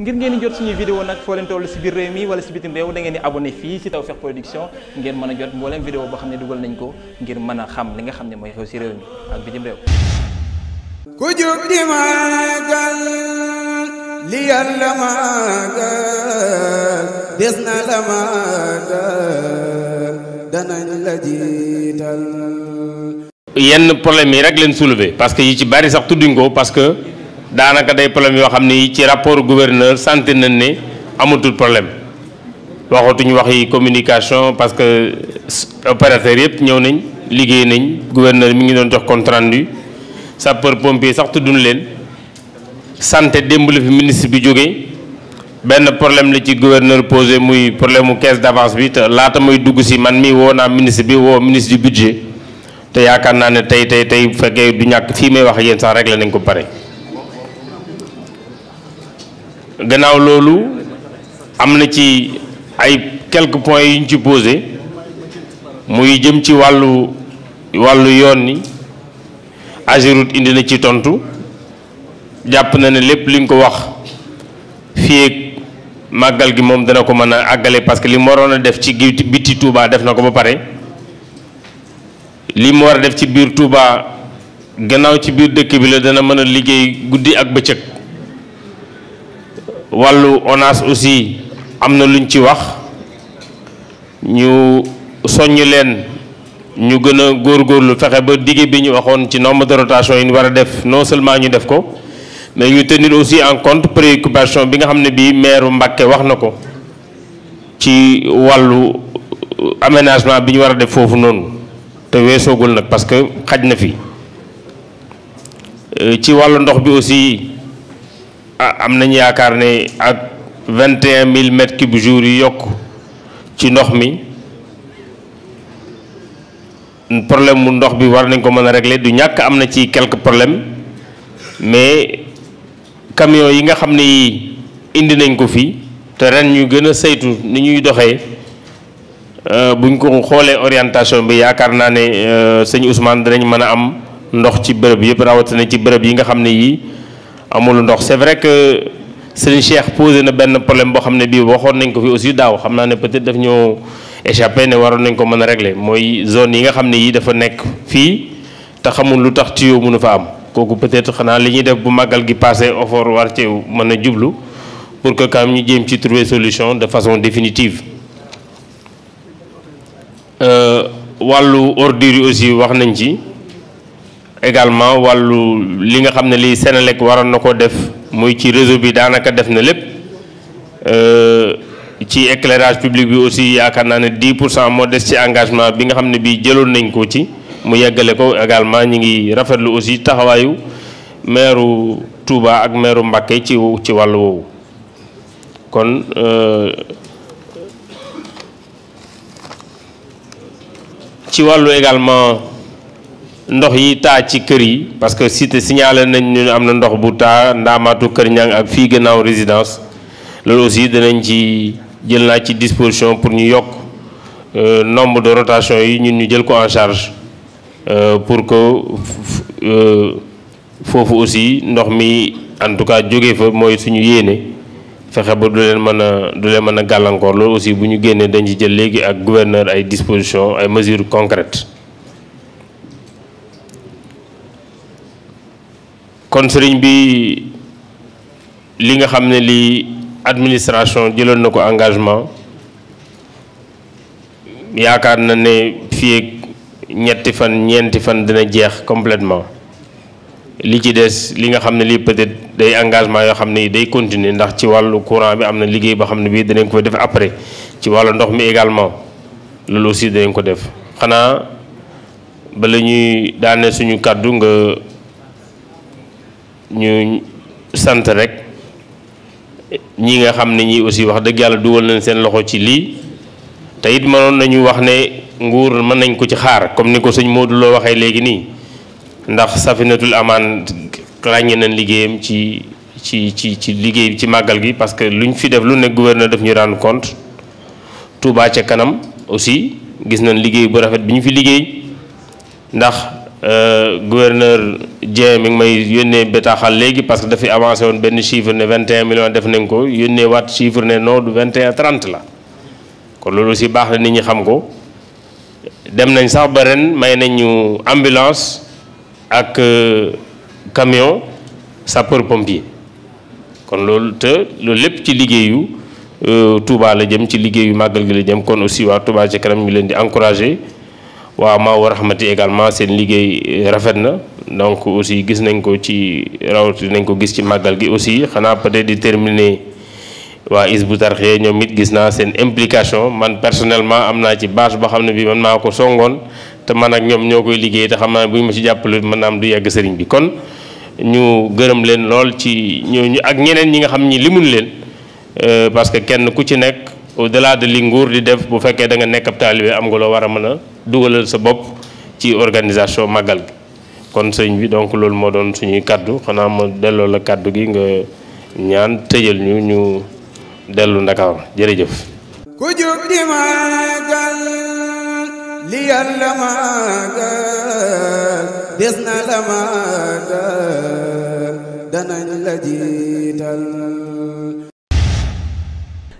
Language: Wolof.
ngir ngeen di jot suñuy vidéo nag foo leen toll si biir réew mi wala si bitim réew da ngeen di abonné fii si Tawfekh Production ngeen mën a jot mbooleem vidéo boo xam ne dugal nañ ko ngir mën a xam li nga xam ne mooy xew si réew mi ak bitim réew ku jóg di màggal li yàlla màggal des na la màggal danañ la jiital yenn problème yi rek leen soulever parce que yi ci bari sax tudduñ ko parce que daanaka day problème yoo xam ni ci rapport gouverneur santé nañ ne amatul problème waxatuñu waxi communication parce que opérateur yëpp ñëw nañ liggéey nañ gouverneur mi ngi doon jox compte rendu sapeur pompier sax tudduñ leen santé démb la fi ministre bi jógee benn problème la ci gouverneur pose muy problème mu caisse d'avance bi te laata muy dugg si man mi woo naa ministre bi woo ministre du budget te yaakaar naa ne tey tey tey bu fekkee du ñàkk fii may wax yéen sax réglé nañ ko pare. gannaaw loolu am na ci ay quelques points yu ñu ci posé muy jëm ci wàllu wàllu yoon ni Ageroute indi na ci tontu jàpp na ne lépp li ñu ko wax fii ak màggal gi moom dana ko mën a àggale parce que li mu waroon a def ci biti Touba def na ko ba pare li mu war a def ci biir Touba gannaaw ci biir dëkk bi la dana mën a liggéey guddi ak bëccëg. wàllu ONAS aussi am na lu ñu ci wax ñu soññ leen ñu gën a góorgóorlu fexe ba digg bi ñu waxoon ci nombre de rotation yi ñu war a def non seulement ñu def ko mais ñu tenir aussi en compte préoccupation bi nga xam ne bii mairu Mbàkke wax na ko ci wàllu euh, aménagement bi ñu war a def foofu noonu te weesoogul nag parce que xaj na fi euh, ci wàllu ndox bi aussi. am nañ yaakaar ne ak vingt et un mille mètres cube jour yi yokk ci ndox mi problème mu ndox bi war nañ ko mën a régler du ñàkk am na ci quelques problèmes mais camion yi nga xam ne yi indi nañ ko fii te ren ñu gën a saytu ni ñuy doxee euh, buñ ko xoolee orientation bi yaakaar naa ne euh, sëñ Ousmane danañ mën a am ndox ci bërëb yëpp rawatina ci bërëb yi nga xam ne yii amul ndox c'est vrai que Serigne Cheikh posé na benn problème boo xam ne bii waxoon nañ ko fi aussi daaw xam naa ne peut-être daf ñoo échappé ne waroon nañ ko mën a régler mooy zone yi nga xam ne yii dafa nekk fii te xamul lu tax tuyau mënu fa am kooku peut-être xanaa li ñuy def bu màggal gi passé offort war ci mën a jublu pour que quand ñu jéem ci trouver solution de façon définitive euh, wàllu ordure yi aussi wax nañ ci. également wàllu li nga xam ne lii Senelec waroon na ko def muy ci réseau bi daanaka def na lépp euh, ci éclairage public bi aussi yaakaar naa ne 10 pour cent moo des ci engagement bi nga xam ne bii jëloon nañ ko ci mu yeggale ko également ñu ngi rafetlu aussi taxawaayu meeru Touba ak meeru Mbacké ci ci wàllu woowu kon euh, ci wàllu également. ndox yi taa ci kër yi parce que cité signalé nañ ñu am na ndox bu taa ndaamaatu kër ñang ak fii gannaaw résidence loolu aussi danañ ci jël naa ci disposition pour ñu yokk euh, nombre de rotation yi ñun ñu jël ko en charge euh, pour que euh, foofu aussi ndox mi en tout cas jóge fa mooy suñu yéene fexe ba du leen mën a du leen mën a gàllankoor loolu aussi bu ñu génnee dañ ci jël léegi ak gouverneur ay disposition ay mesures concrètes kon sëriñ bi li nga xam ne lii administration jëloon na ko engagement yaakaar na ne fii ak ñetti fan ñeenti fan dina jeex completement li ci des li nga xam ne lii peut-être day engagement yoo xam ne yi day continuer ndax ci wàllu courant bi am na liggéey boo xam ne bii danañ ko def après ci wàllu ndox mi également loolu aussi danañ ko def xanaa bala ñuy daane suñu kàddu nga ñu sant rek ñi nga xam ne ñi aussi wax dëgg yàlla dugal nañ seen loxo ci lii te it mënoon nañu wax ne nguur mën nañ ko ci xaar comme ni ko sëñ Modou loo waxee léegi nii ndax safinatul amaan ràññee nañ liggéeyam ci ci ci ci liggéey ci màggal gi parce que luñ fi def lu ne gouverneur def ñu rendre compte tuubaa ca kanam aussi gis nañ liggéey bu rafet bi ñu fi liggéey ndax Euh, gouverneur Dieng mi ngi may yónnee bataaxal léegi parce que dafay avancé woon benn chiffre ne 21 millions def nañ ko yónnee waat chiffre ne non du 21 30 la kon loolu aussi baax na nit ñi xam ko dem nañ sax ba ren may nañu ambulance ak euh, camion sapeur pompier kon loolu te loolu lépp ci liggéeyu euh, Touba la jëm ci liggéeyu màggal gi la jëm kon aussi waa Touba ci kanam ñu leen di encouragé. waa maa a rahmati également seen liggéey euh, rafet na donc aussi gis nañ ko ci rawati nañ ko gis ci màggal gi aussi xanaa peut-être di terminer waa Hizbut Tarqiyyah ñoom it gis naa seen implication man personnellement am naa ci bâche boo xam ne bi man maa ko songoon te man ak ñoom ñoo koy liggéey te xam naa bu ñu ma ci jàppale mën naa am du yàgg sëriñ bi kon ñu gërëm leen lool ci ñooñu ak ñeneen ñi nga xam ñi limun leen euh, parce que kenn ku ci nekk au delà de li nguur di def bu fekkee da nga nekk ab taalibe am nga loo war a mën dugalal sa bopp ci organisation màggal gi kon sëñ bi donc loolu moo doon suñuy kàddu xanaa ma delloo la kàddu gi nga ñaan tëjal ñu ñu dellu Ndakaaru jërëjëf ku jóg di màggal li yàlla màggal des na la màggal danañ la jiital